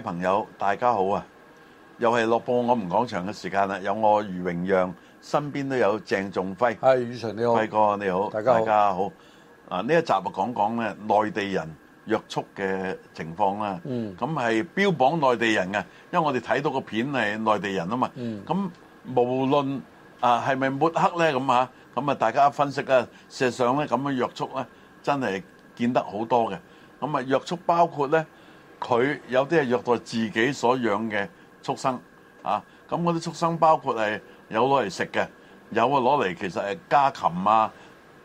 朋友，大家好啊！又係樂報我們講場嘅時間啦。有我余榮讓，身邊都有鄭仲輝。係余 Sir 你好，輝哥你好，大家好。啊，呢一集啊講講咧內地人虐畜嘅情況啦。嗯，咁係標榜內地人嘅，因為我哋睇到個片係內地人啊嘛。嗯，咁無論啊係咪抹黑咧咁啊，咁啊大家分析啊，事實上咧咁嘅虐畜咧，真係見得好多嘅。咁啊虐畜包括咧。佢有啲係虐待自己所養嘅畜生啊！咁嗰啲畜生包括係有攞嚟食嘅，有啊攞嚟其實係家禽啊、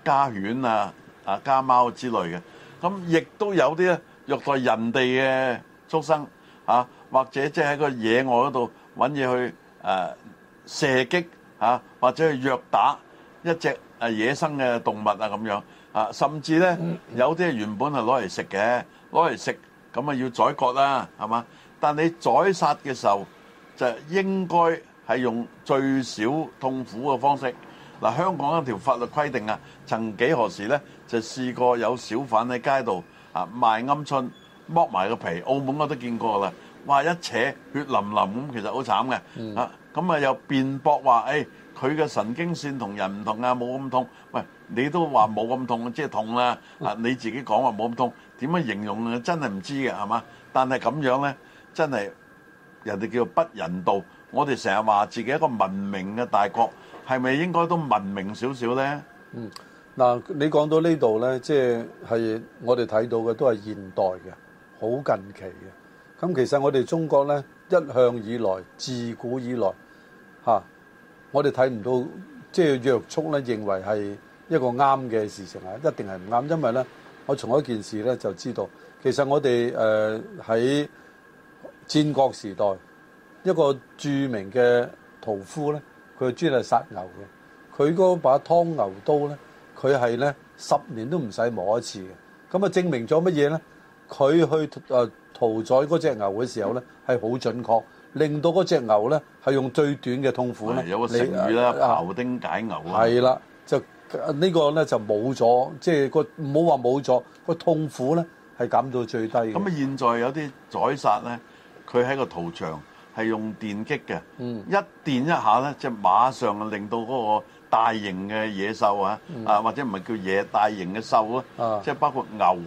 家犬啊、啊家貓之類嘅。咁亦都有啲咧虐待人哋嘅畜生啊，或者即係喺個野外嗰度搵嘢去誒射擊啊，或者去虐打一隻誒野生嘅動物啊咁樣啊，甚至咧有啲係原本係攞嚟食嘅，攞嚟食。咁啊要宰割啦，係嘛？但你宰殺嘅時候就應該係用最少痛苦嘅方式。嗱，香港一條法律規定啊，曾幾何時咧就試過有小販喺街度啊賣鵪鶉，剝埋個皮，澳門我都見過啦。哇！一扯血淋淋咁，其實好慘嘅。啊、嗯，咁啊又辯駁話誒，佢、哎、嘅神經線同人唔同啊，冇咁痛。喂你都話冇咁痛，即係痛啦！嗱，你自己講話冇咁痛，點樣形容啊？真係唔知嘅，係嘛？但係咁樣咧，真係人哋叫做不人道。我哋成日話自己一個文明嘅大國，係咪應該都文明少少咧？嗯，嗱，你講到呢度咧，即係係我哋睇到嘅都係現代嘅，好近期嘅。咁其實我哋中國咧一向以來，自古以來吓，我哋睇唔到即係虐畜咧，認為係。一個啱嘅事情啊，一定係唔啱，因為咧，我從一件事咧就知道，其實我哋誒喺戰國時代，一個著名嘅屠夫咧，佢專係殺牛嘅，佢嗰把劏牛刀咧，佢係咧十年都唔使磨一次嘅，咁啊證明咗乜嘢咧？佢去誒屠宰嗰隻牛嘅時候咧，係、嗯、好準確，令到嗰隻牛咧係用最短嘅痛苦咧、哎，有個成語啦，庖、啊、丁解牛係、啊、啦，就。呢、這個咧就冇咗，即係個唔好話冇咗，個痛苦咧係減到最低。咁啊，現在有啲宰殺咧，佢喺個屠場係用電擊嘅，一電一下咧，即、就、係、是、馬上令到嗰個大型嘅野獸啊，啊、嗯、或者唔係叫野大型嘅獸啊，即、就、係、是、包括牛、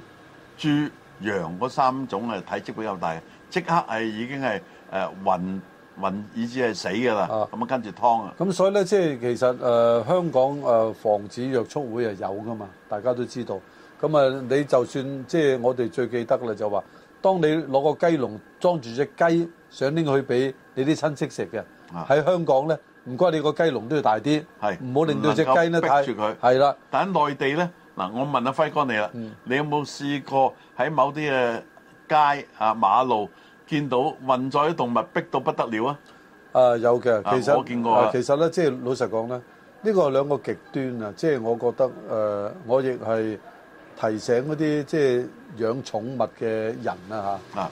豬、羊嗰三種啊，體積比較大，即刻係已經係誒暈。呃雲已至係死㗎啦，咁啊跟住劏啊。咁、啊、所以咧，即係其實誒、呃、香港誒、呃、防止虐畜會係有㗎嘛，大家都知道。咁啊，你就算即係我哋最記得啦，就話，當你攞個雞籠裝住隻雞，想拎去俾你啲親戚食嘅。喺、啊、香港咧，唔該你個雞籠都要大啲，係唔好令到隻雞咧逼住佢。係啦。但喺內地咧，嗱我問阿、啊、輝哥你啦、嗯，你有冇試過喺某啲嘅街啊馬路？見到運載啲動物逼到不得了啊！啊，有嘅，其實我見過啊。其實咧，即係老實講咧，呢個係兩個極端啊，即係我覺得誒，我亦係提醒嗰啲即係養寵物嘅人啦嚇。啊，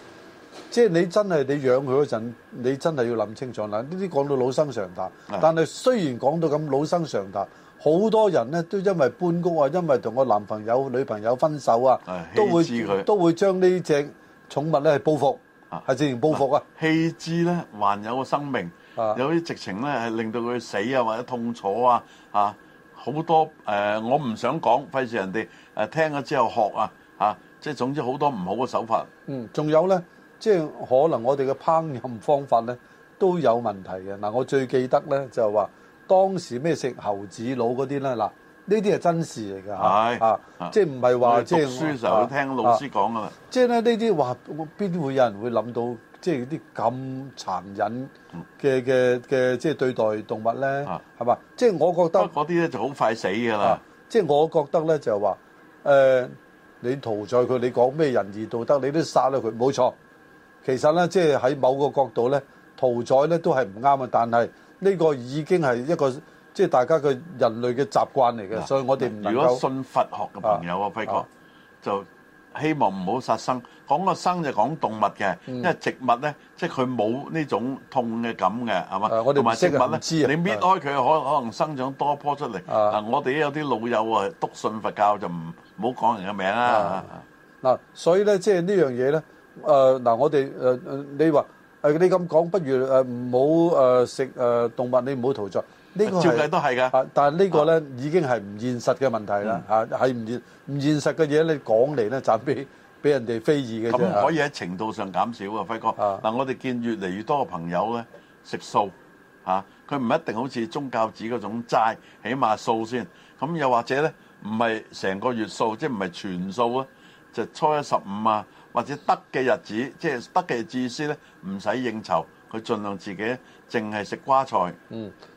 即係你真係你養佢嗰陣，你真係要諗清楚啦。呢啲講到老生常談，但係雖然講到咁老生常談，好多人咧都因為搬屋啊，因為同個男朋友女朋友分手啊，都會都會將呢隻寵物咧係報復。係自然報復啊！棄之咧，還有個生命，啊、有啲直情咧，係令到佢死啊，或者痛楚啊，啊好多誒、呃！我唔想講，費事人哋誒、啊、聽咗之後學啊，嚇、啊！即係總之多不好多唔好嘅手法。嗯，仲有咧，即係可能我哋嘅烹飪方法咧都有問題嘅。嗱、啊，我最記得咧就係、是、話當時咩食猴子腦嗰啲咧嗱。呢啲係真事嚟㗎啊，即係唔係話即係讀書嘅時候聽老師講㗎嘛？即係咧呢啲話，邊、啊就是、會有人會諗到即係啲咁殘忍嘅嘅嘅即係對待動物咧？係、啊、嘛？即係、就是、我覺得嗰啲咧就好快死㗎啦。即、啊、係、就是、我覺得咧就係話、呃，你屠宰佢，你講咩仁義道德，你都殺咗佢，冇錯。其實咧，即係喺某個角度咧，屠宰咧都係唔啱啊。但係呢個已經係一個。即係大家嘅人類嘅習慣嚟嘅，所以我哋唔能夠。如果信佛學嘅朋友啊，輝哥就希望唔好殺生。講個生就講動物嘅，因為植物咧，即係佢冇呢種痛嘅感嘅，係嘛？同埋植物咧，你搣開佢，可可能生長多一棵出嚟。嗱，我哋有啲老友啊，篤信佛教就唔好講人嘅名啦。嗱，所以咧，即係呢樣嘢咧，誒嗱，我哋誒誒，你話誒你咁講，不如誒唔好誒食誒動物，你唔好屠宰。呢、這個係、照計都係㗎、啊，但係呢個咧、啊、已經係唔現實嘅問題啦。嚇係唔唔現實嘅嘢你講嚟咧，就俾俾人哋非議嘅。咁可以喺程度上減少啊，輝哥。嗱、啊，啊、但我哋見越嚟越多嘅朋友咧食素嚇，佢、啊、唔一定好似宗教寺嗰種齋，起碼素先。咁、啊、又或者咧唔係成個月素，即係唔係全素啊？就是、初一十五啊，或者得嘅日子，即係得嘅日子先咧，唔使應酬，佢儘量自己淨係食瓜菜。嗯。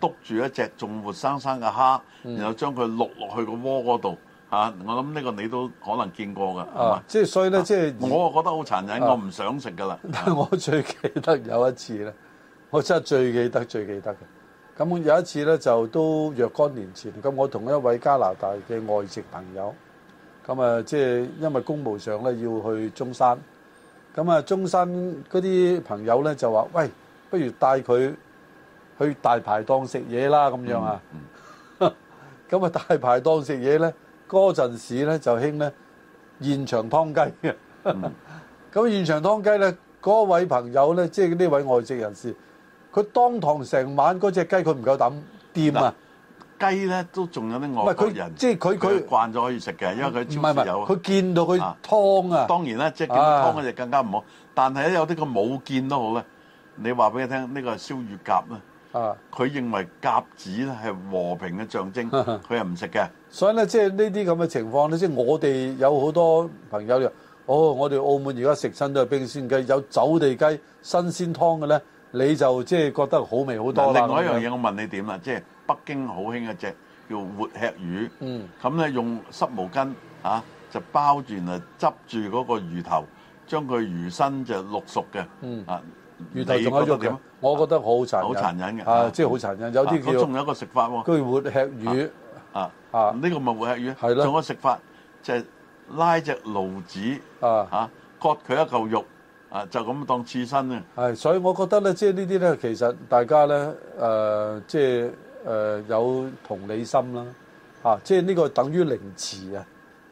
督、嗯、住一隻仲活生生嘅蝦、嗯，然後將佢落落去個窩嗰度、嗯、我諗呢個你都可能見過㗎，係、啊、嘛？即係所以咧、啊，即係我覺得好殘忍，啊、我唔想食㗎啦。但我最記得有一次咧，我真係最記得最記得嘅。咁有一次咧，就都若干年前，咁我同一位加拿大嘅外籍朋友，咁啊即係因為公務上咧要去中山，咁啊中山嗰啲朋友咧就話：喂，不如帶佢去大排檔食嘢啦，咁樣啊，咁、嗯、啊、嗯、 大排檔食嘢咧，嗰陣時咧就興咧現場湯雞啊。咁、 嗯、 現場湯雞咧，嗰位朋友咧，即係呢位外籍人士，佢當堂成晚嗰隻雞佢唔夠膽掂啊！雞咧都仲有啲外國人，即係佢佢慣咗可以食嘅，因為佢超市有。佢見到佢湯啊，啊，當然啦，即、就、係、是、見到湯呢，就更加唔好。啊、但係咧有啲佢冇見都好咧，你話俾佢聽，呢、這個燒燒乳鴿啊。啊！佢認為鴿子咧係和平嘅象徵，佢係唔食嘅。所以咧，即係呢啲咁嘅情況咧，即係我哋有好多朋友話，哦，我哋澳門而家食親都係冰鮮雞，有走地雞、新鮮湯嘅咧，你就即係覺得好味好多。另外一樣嘢，我問你點啦？即係北京好興一隻叫活吃魚，嗯，咁咧用濕毛巾啊，就包住嚟執住嗰個魚頭，將佢魚身就淥熟嘅啊，嗯啊。魚頭有肉你覺得點？我覺得好殘忍，好、啊、殘忍嘅、啊，啊，即係好殘忍。啊、有啲佢仲有一個食法喎、哦，佢活吃魚，啊啊，呢、啊這個咪會活吃魚，係、啊、啦。仲有食法，就係、是、拉隻驢子，啊嚇、啊，割佢一嚿肉，啊就咁當刺身係、啊，所以我覺得咧，即係呢啲咧，其實大家咧，誒、呃、即係誒、呃、有同理心啦，啊即係呢個等於凌遲啊，啊，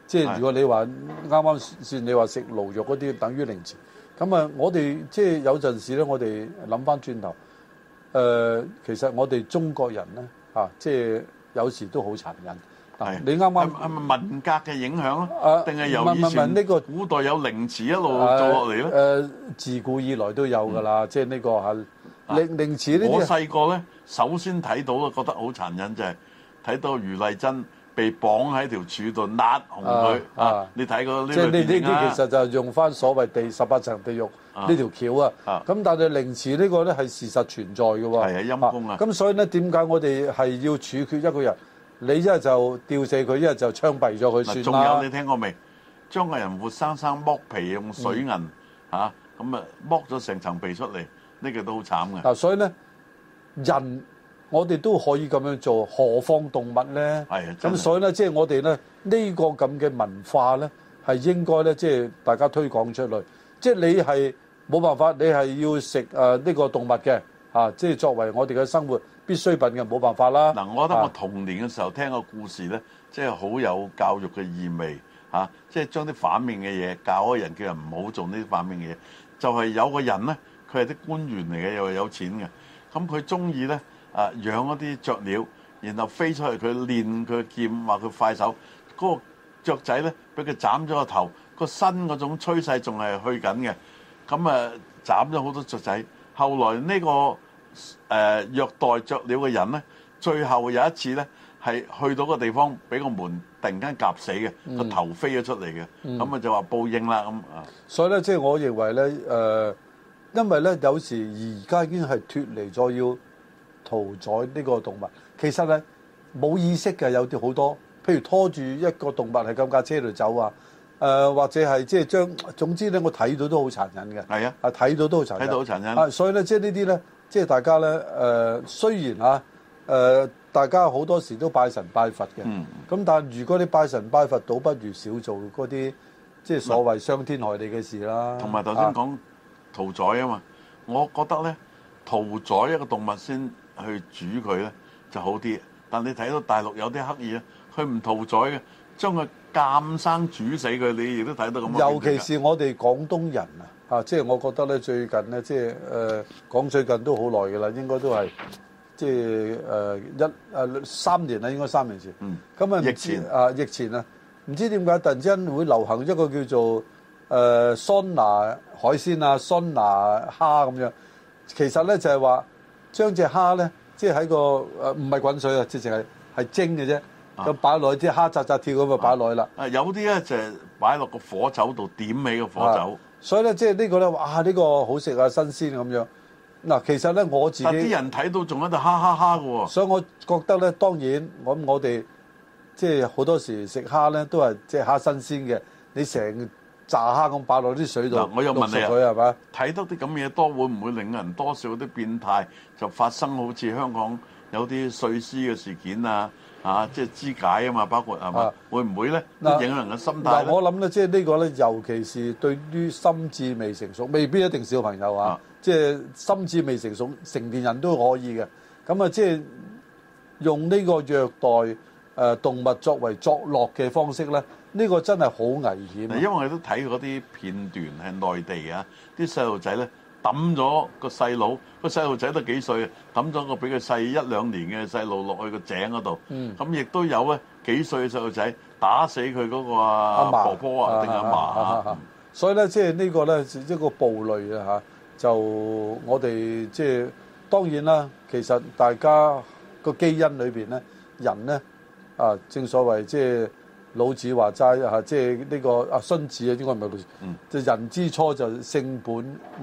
即係如果你話啱啱算你話食驢肉嗰啲，等於凌遲。咁啊！我哋即係有陣時咧，我哋諗翻轉頭，誒、呃，其實我哋中國人咧，嚇、啊，即係有時都好殘忍。係你啱啱係咪文革嘅影響定係、啊、由以前呢個古代有凌遲一路做落嚟咧？誒、啊呃，自古以來都有㗎啦、嗯，即係、這、呢個係、啊啊、凌凌遲呢？我細個咧，首先睇到啊，覺得好殘忍，就係、是、睇到余麗珍。被綁喺條柱度焫紅佢啊，啊！你睇過呢，即係呢啲其實就係用翻所謂第十八層地獄呢條橋啊！咁、啊啊、但係凌遲呢個咧係事實存在嘅喎，係啊陰功啊！咁、啊啊、所以咧點解我哋係要處決一個人？你一係就吊死佢，一係就槍斃咗佢算仲、啊、有你聽過未？將個人活生生剝皮用水銀嚇咁啊、嗯、啊剝咗成層皮出嚟，呢、這個都好慘嘅。嗱、啊、所以咧人。我哋都可以咁樣做，何況動物呢？係咁，所以呢，即係我哋呢，呢個咁嘅文化呢，係應該呢，即係大家推廣出嚟。即係你係冇辦法，你係要食誒呢個動物嘅嚇、啊，即係作為我哋嘅生活必需品嘅，冇辦法啦。嗱，我覺得我童年嘅時候聽個故事呢，即係好有教育嘅意味嚇，即、啊、係、就係、將啲反面嘅嘢教啲人，叫人唔好做呢啲反面嘅嘢。就係、係、有個人呢，佢係啲官員嚟嘅，又係有錢嘅，咁佢中意呢。啊！養一啲雀鳥，然後飛出去，佢練佢劍，話佢快手。嗰、那個雀仔咧，俾佢斬咗個頭，個身嗰種趨勢仲係去緊嘅。咁啊，斬咗好多雀仔。後來呢、這個誒、呃、虐待雀鳥嘅人咧，最後有一次咧，係去到個地方，俾個門突然間夾死嘅，個、嗯、頭飛咗出嚟嘅。咁、嗯、啊，就話報應啦咁啊。所以咧，即、就、係、是、我認為咧，誒、呃，因為咧，有時而家已經係脱離咗要。屠宰呢個動物，其實咧冇意識嘅有啲好多，譬如拖住一個動物喺咁架車度走啊，呃、或者係即係將，總之咧我睇到都好殘忍嘅。係啊，啊睇到都好殘忍，睇到好殘忍，殘忍啊！所以咧，即係呢啲咧，即係大家咧誒、呃，雖然啊，誒、呃，大家好多時都拜神拜佛嘅，咁、嗯、但如果你拜神拜佛，倒不如少做嗰啲即係所謂傷天害理嘅事啦。同埋頭先講屠宰嘛啊嘛，我覺得咧屠宰一個動物先。去煮佢咧就好啲，但你睇到大陸有啲刻意咧，佢唔屠宰嘅，將佢監生煮死佢，你亦都睇到咁。尤其是我哋廣東人啊，嚇，即係我覺得咧，最近咧，即係誒講最近都好耐㗎啦，應該都係即係誒一誒、啊、三年啦，應該三年前。嗯。咁啊，疫前啊，疫前啊，唔知點解突然之間會流行一個叫做誒桑、啊、拿海鮮啊、桑拿蝦咁樣，其實咧就係話。將隻蝦呢，即係喺個唔係滾水啊，即係淨係係蒸嘅啫。咁擺落啲蝦扎扎跳咁啊，擺落去啦。啊，有啲呢，就擺落個火酒度點起個火酒。所以呢，即係呢個呢，哇！呢、呢個好食啊，新鮮啊咁樣嗱。其實呢，我自己啲人睇到仲喺度蝦蝦蝦㗎喎。所以我覺得呢，當然咁我哋即係好多時食蝦呢，都係隻蝦新鮮嘅。你成。炸蝦咁擺落啲水度，我又問你啊，睇到啲咁嘢多，會唔會令人多少啲變態就發生？好似香港有啲碎屍嘅事件啊，啊，即係肢解啊嘛，包括係嘛，會唔會咧？嗱，影響人嘅心態咧。但係我諗咧，即係呢個咧，尤其是對於心智未成熟，未必一定小朋友啊，即係、就是、心智未成熟，成年人都可以嘅。咁啊，即係用呢個虐待誒動物作為作樂嘅方式咧。呢、這個真係好危險、啊，嗯、因為我哋都睇嗰啲片段係內地啊，啲細路仔咧抌咗個細佬，個細路仔都幾歲、啊，抌咗個比佢細一兩年嘅細路落去個井嗰度。咁、嗯、亦都有咧幾歲嘅細路仔打死佢嗰個、啊、阿婆婆啊定阿嫲、啊啊啊啊啊啊啊嗯、所以咧，即、就、係、是、呢個咧、就是、一個暴戾啊就我哋即係當然啦。其實大家個基因裏面咧，人咧啊，正所謂即、就、係、是。老子話齋嚇，即係呢個阿孫子啊，應該唔係佢。嗯，就人之初就性本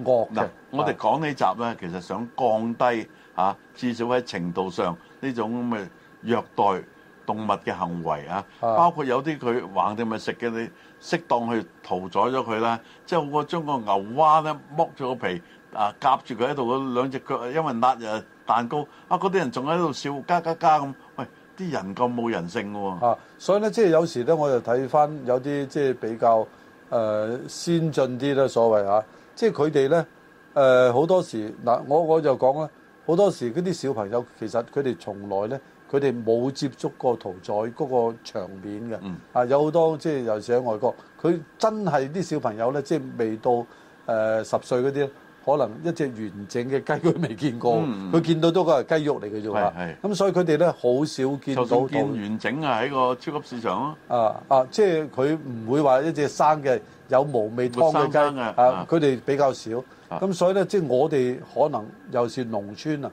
惡嘅。嗱，我哋講呢集咧，其實想降低嚇，至少喺程度上呢種咁嘅虐待動物嘅行為啊，包括有啲佢橫掂咪食嘅，你適當去屠宰咗佢啦。即係我將個牛蛙咧剝咗個皮啊，夾住佢喺度，兩隻腳因為辣啊蛋糕啊，嗰啲人仲喺度笑加加加咁，喂！啲人咁冇人性喎、哦！啊，所以咧，即係有時咧，我就睇翻有啲即係比較誒、呃、先進啲啦，所謂嚇、啊，即係佢哋咧誒好多時嗱、啊，我我就講啦，好多時嗰啲小朋友其實佢哋從來咧，佢哋冇接觸過屠宰嗰個場面嘅，嗯、啊，有好多即係尤其是喺外國，佢真係啲小朋友咧，即係未到誒十、呃、歲嗰啲。可能一隻完整嘅雞佢未見過，佢、嗯、見到都係雞肉嚟嘅啫。咁、嗯、所以佢哋咧好少見到見完整啊喺個超級市場咯。啊啊，即係佢唔會話一隻生嘅有毛味湯嘅雞啊，佢哋比較少。咁、啊、所以咧，即係我哋可能又是農村啊。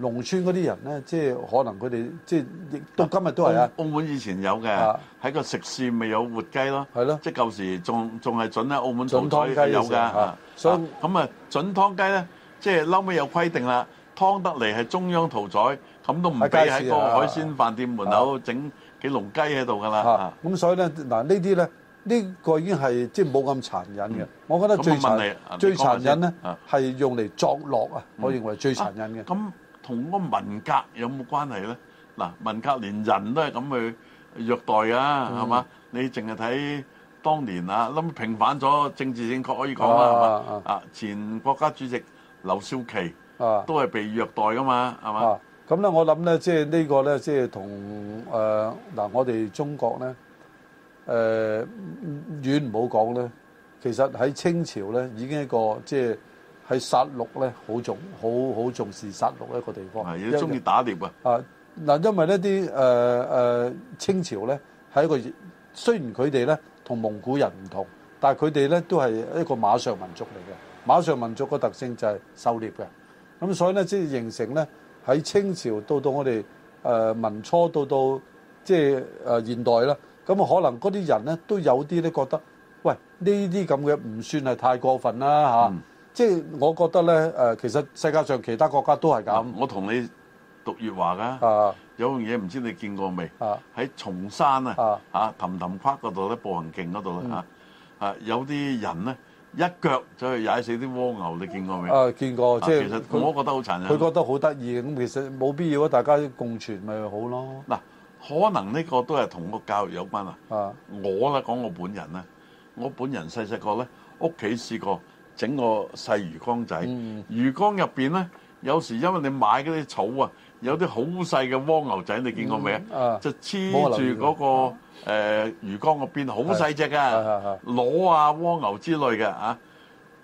農村嗰啲人咧，即係可能佢哋即係亦到今日都係啊！澳門以前有嘅，喺個食肆咪有活雞咯，係咯，即係舊時仲仲係準喺澳門屠宰有㗎，咁啊準劏雞咧，即係後尾有規定啦，劏得嚟係中央屠宰，咁都唔俾喺個海鮮飯店門口整幾籠雞喺度㗎啦。咁所以咧嗱，呢啲咧呢個已經係即係冇咁殘忍嘅。我覺得最殘最殘忍咧係用嚟作樂啊！我認為最殘忍嘅咁。同嗰個文革有冇關係咧？嗱，文革連人都係咁去虐待㗎，係嘛？你淨係睇當年啊，諗平反咗政治正確可以講啦，係嘛？啊，前國家主席劉少奇都係被虐待㗎嘛，係嘛？咁咧，我諗咧，即係呢個咧，即係同誒嗱，我哋中國咧，誒遠唔好講咧，其實喺清朝咧已經一個即係。喺殺戮咧，好重，好好重視殺戮一個地方。係，都中意打獵啊！啊，嗱，因為呢啲誒誒清朝咧係一個雖然佢哋咧同蒙古人唔同，但係佢哋咧都係一個馬上民族嚟嘅。馬上民族個特性就係狩獵嘅，咁所以咧即係形成咧喺清朝到到我哋誒民初到到即係誒、呃、現代啦。咁啊，可能嗰啲人咧都有啲咧覺得，喂呢啲咁嘅唔算係太過分啦嚇。嗯。即係我覺得咧，誒，其實世界上其他國家都係噉、嗯。我同你讀粵話㗎。有樣嘢唔知你見過未？喺、啊、松山啊，嚇氹氹跨嗰度咧，步行徑嗰度咧嚇，有啲人咧一腳就去踩死啲蝸牛，你見過未？啊，見過，啊、即係其實我都覺得好殘忍。佢覺得好得意，咁其實冇必要啊，大家共存咪好咯。嗱、啊，可能呢個都係同個教育有關啊。我咧講我本人咧，我本人細細個咧屋企試過。整個細魚缸仔、嗯，魚缸入面呢，有時因為你買嗰啲草啊，有啲好細嘅蝸牛仔，你見過未、嗯、啊？就黐住嗰個誒、呃、魚缸入邊，好細隻㗎，螺啊、蝸牛之類嘅啊。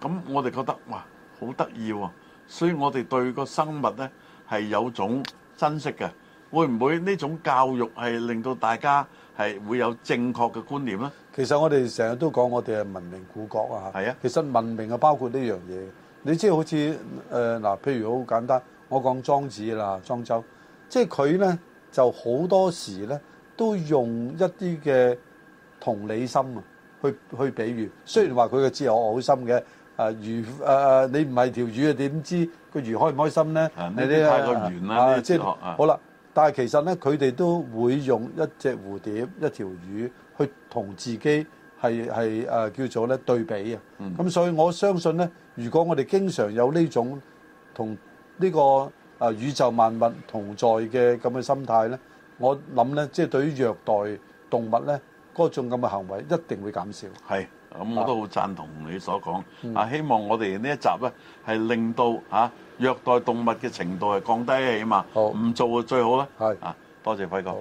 咁我哋覺得哇，好得意喎！所以我哋對個生物呢係有種珍惜嘅。會唔會呢種教育係令到大家係會有正確嘅觀念呢？其實我哋成日都講，我哋係文明古國啊！嚇，其實文明啊，包括呢樣嘢。你知好似誒嗱，譬如好簡單，我講莊子啦，莊周，即係佢咧就好多時咧都用一啲嘅同理心啊，去去比喻。雖然話佢嘅字係好深嘅，誒、啊、魚誒、啊、你唔係條魚啊，魚開開啊，點知佢魚開唔開心咧？你啲太過遠啦，即係好啦。但係其實咧，佢哋都會用一隻蝴蝶、一條魚。去同自己係係誒叫做咧對比啊，咁所以我相信咧，如果我哋經常有呢種同呢個誒宇宙萬物同在嘅咁嘅心態咧，我諗咧，即係對於虐待動物咧嗰種咁嘅行為，一定會減少。係，咁我都好贊同你所講。啊，希望我哋呢一集咧係令到啊虐待動物嘅程度係降低，起碼，好，唔做啊最好啦。係啊，多謝輝哥。